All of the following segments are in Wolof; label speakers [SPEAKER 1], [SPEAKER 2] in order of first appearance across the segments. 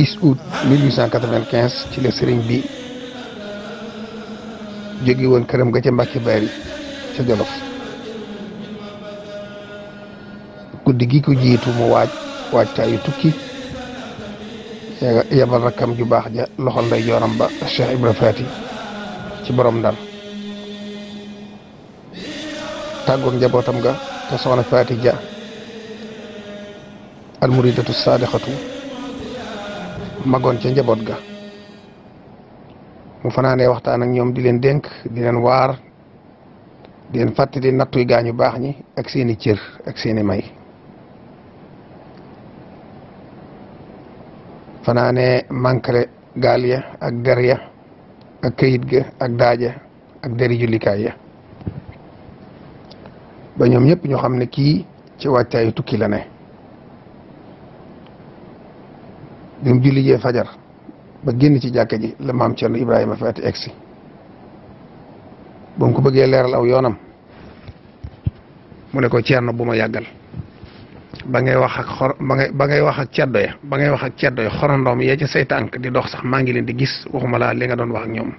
[SPEAKER 1] 10 août 1895 ci la sëriñ bi jóge woon këram ga ca Mbàkke Bari ca Jolof guddi gi ko jiitu mu waaj waajtaayu tukki yabal rakkam ju baax ja loxol nday jooram ba Cheikh Ibra Faati ci borom Ndar tàggoog njabootam ga te soxna Faati ja almuridatu saadixatu magoon ca njaboot ga mu fanaane waxtaan ak ñoom di leen dénk di leen waar di leen fàttali nattuy gaañu baax ñi ak seeni cër ak seeni may fanaane mankre gaal ya ak der ya ak këyit ga ak daaja ak deri jullikaay ya ba ñoom ñëpp ñu xam ne kii ci wàccaayu tukki la bi mu julli jee fajar ba génn ci jàkka ji la maam Cerno Ibrahima Faty egsi ba ko bëggee leeral aw yoonam mu ne ko Cerno bu ma yàggal ba ngay wax ak xor ba ba ngay wax ak ceddo ya ba ngay wax ak ceddo ya xorandoom yee ci say tànk di dox sax maa ngi leen di gis waxuma laa li nga doon wax ak ñoom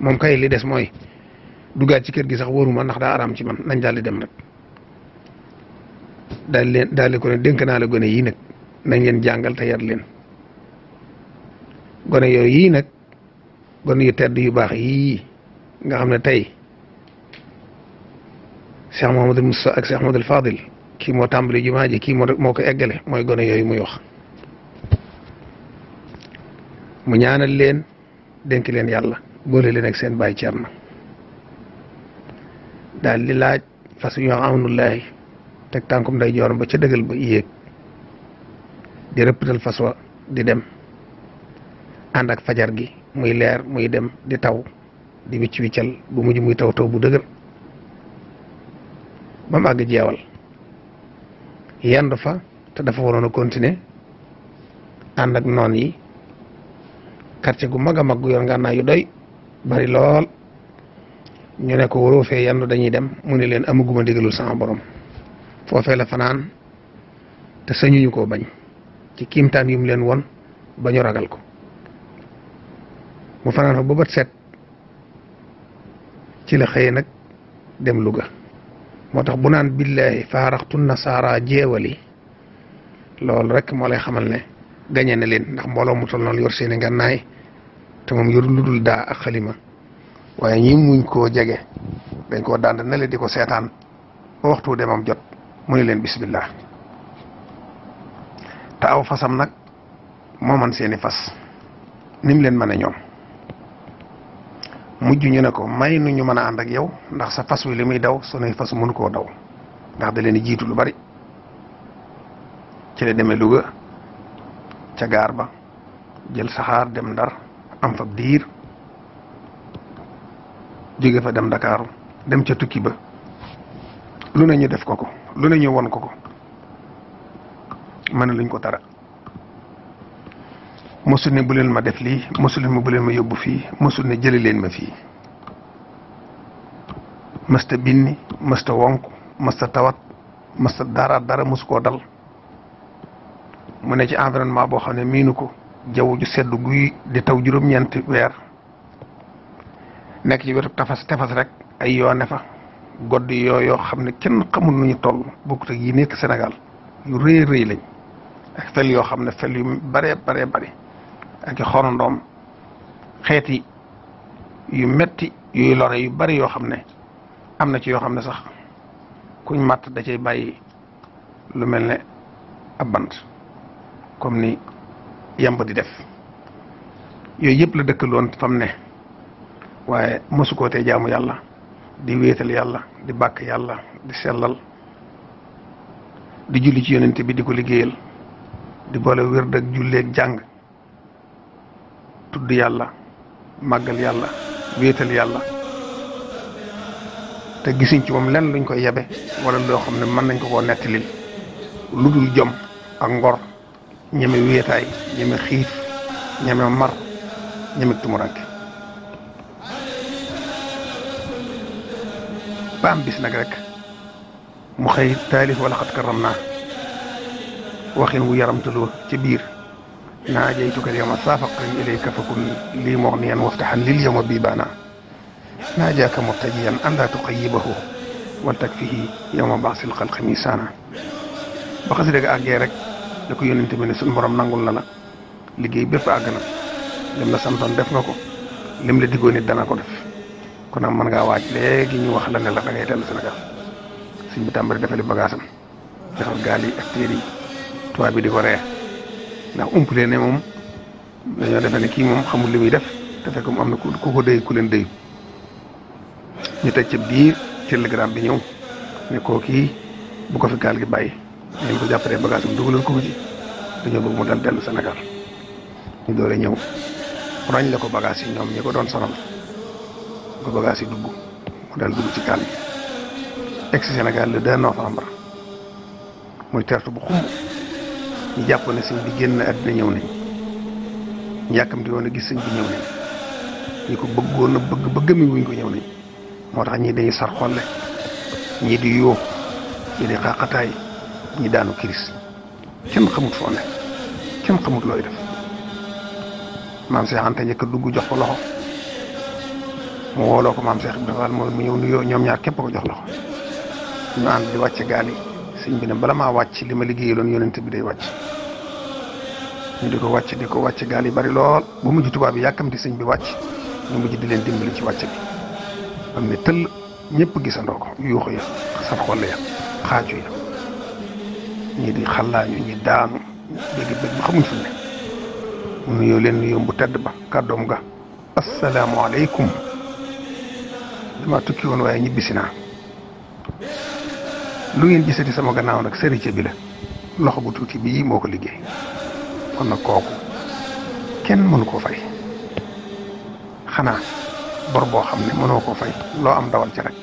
[SPEAKER 1] moom kay li des mooy duggaat ci kër gi sax waruma ndax daa araam ci man nañ daal di dem rek daal leen daal di ko ne dénk naa la gone yii nag nañ leen jàngal te yar leen gone yooyu yii nag gone yu tedd yu baax yii nga xam ne tey Cheikh Mouhamadul Moussa ak Cheikh Mouhamadul Fadil kii moo tàmbali jumaa ji kii moo ko eggale mooy gone yooyu muy wax mu ñaanal leen dénk leen yàlla boole leen ak seen bàyyi Cerno daal di laaj fas yu amnullahi teg tànkum day jooram ba ca dëgal ba yéeg di rëppatal faso di dem ànd ak fajar gi muy leer muy dem di taw di wicc wiccal bu mujj muy taw taw bu dëgër ba mu àgg jeewal yendu fa te dafa waroon a continuer ànd ak noon yi quartier gu mag a mag gu yor nga naa yu doy bari lool ñu ne ko waroo fee yendu dañuy dem mu ne leen amaguma ndigalul sama borom foofee la fanaan te sañuñu ko bañ ci kiimtaan yu mu leen won ba ñu ragal ko mu fanaan fa ba bët set ci la xëy nag dem Louga moo tax bu naan billaahi faaraxtu nasaara jeewali loolu rek moo lay xamal ne gañe na leen ndax mbooloo mu toll noonu yor seeni ngànnaay te moom yoru lu dul daa ak xalima waaye ñi muñ koo jege dañ koo daan na di ko seetaan ba waxtu demam jot mu ne leen bismillah te aw fasam nag moo man seeni fas nim leen mën a ñoom mujj ñu ne ko may nu ñu mën a ànd ak yow ndax sa fas wi li muy daw sunuy fas munu koo daw ndax da leen jiitu lu bari ci la demee Louga ca ba jël saxaar dem Ndar am fa diir jóge fa dem Ndakaaru dem ca tukki lu ne ñu def ko ko lu ne ñu won ko ko mën luñ ko tara mosul ne bu ma def lii mosul ne bu ma yóbbu fii mosul ne jële leen ma fii mësta binni mësta wonk mësta tawat mësta dara dara mosu koo dal mu ne ci environnement boo xam ne miinu ko jaww ju sedd guy di taw juróom-ñeenti weer nekk ci wetu tefas tefas rek ay yoo fa godd yoo yoo xam ne kenn xamul nu ñu toll bokkut ak yi nekk senegal yu rëy rëy lañ ak fel yoo xam ne fel yu bare bare bari ak i xorandoom xeeti yu metti yuy lore yu bari yoo xam ne am na ci yoo xam ne sax kuñ màtt da cay bàyyi lu mel ne ab bant comme ni yamb di def yooyu yëpp la dëkkaloon fam ne waaye mosu koo tee jaamu yàlla di wéetal yàlla di bàkk yàlla di sellal di julli ci yonent bi di ko liggéeyal di boole wér ak julleeg jàng tudd yàlla màggal yàlla wéetal yàlla te gisuñ ci moom lenn luñ koy yebe wala loo xam ne mën nañ ko koo nettalil lu dul jom ak ngor ñeme wéetaay ñeme xiif ñeme mar ñeme tumuranke ba am bis nag rek mu xëy taalif wala xat karam naa waxin wu yaramtaloo ca biir a ka ناجيتك اليوم سافقا إليك فكن لي مغنيا a لي اليوم بيبانا ناجاك مرتجيا أن لا تقيبه وتكفيه يوم بعث الخلق ميسانا ba xasida ga àggee rek da ko yónnente bi ne suñu boroom nangul na la liggéey bépp àgg na lim la santoon def nga ko lim la diggoon dana ko def kon nag mën ngaa waaj léegi ñu wax la ne la da ngay dellu Sénégal suñ bi tàmbali defali bagaasam defal gaal yi ak téere yi bi di ko ree ndax umpule ne moom dañoo defe ne kii moom xamul li muy def te fekk mu am na ku ko dëy ku leen dëy ñu teg ci biir télégramme bi ñëw ne koo kii bu ko fi gaal gi bàyyi dañ ko jàppalee bagage am dugalal ko ci dañoo bëgg mu dal dellu Sénégal ñu doole ñëw roñ la ko bagage yi ñoom ñi ko doon sonal ko bagage yi dugg mu dal dugg ci gaal gi egg si Sénégal le 2 muy tertu bu xumb ñu jàpp ne sëñ bi génn àddina ñëw nañ ñu yàkkamti woon a gis sëñ bi ñëw nañ ñi ko bëggoon a bëgg ba wuñ ko ñëw nañ moo tax ñi dañuy sar xolle ñii di yoo ñii di xaaxataay ñi daanu kiris kenn xamut foo ne kenn xamut looy def maam Cheikh Anta njëkk dugg jox ko loxo mu wooloo ko maam Cheikh Ibrahima mooy mu ñëw nuyoo ñoom ñaar képp ko jox loxo ñu ànd di wàcc gaal yi sëñ bi ne bala maa wàcc li ma liggéeyaloon yonent bi day wàcc ñu di ko wàcc di ko wàcc gaal yi bari lool bu mujj tubaab yi yàkkamti sëñ bi wàcc ñu mujj di leen dimbali ci wàcc bi am ne tëll ñëpp gisandoo ko yuuxu ya saf xoll ya xaaju ya ñii di xallaañu ñi daanu dégg bëgg xamuñ fu ne mu nuyoo leen nuyoo bu tedd ba kàddoom ga asalaamaaleykum dama tukki woon waaye ñibbisi naa lu ngeen gisati sama gannaaw nag sëriñ bi la loxo bu tuuti bii moo ko liggéey kon nag kooku kenn mënu koo fay xanaa bor boo xam ne mënoo koo fay loo am dawal ci rek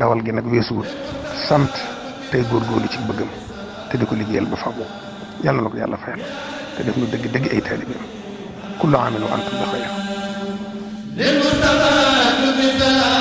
[SPEAKER 1] dawal gi nag weesuwul sant tey góorgóorlu ci bëggam te di ko liggéeyal ba faw yàlla na ko yàlla fayal te def nu dëgg dëgg ay taalibeem kullu aamin wa antum bi xayr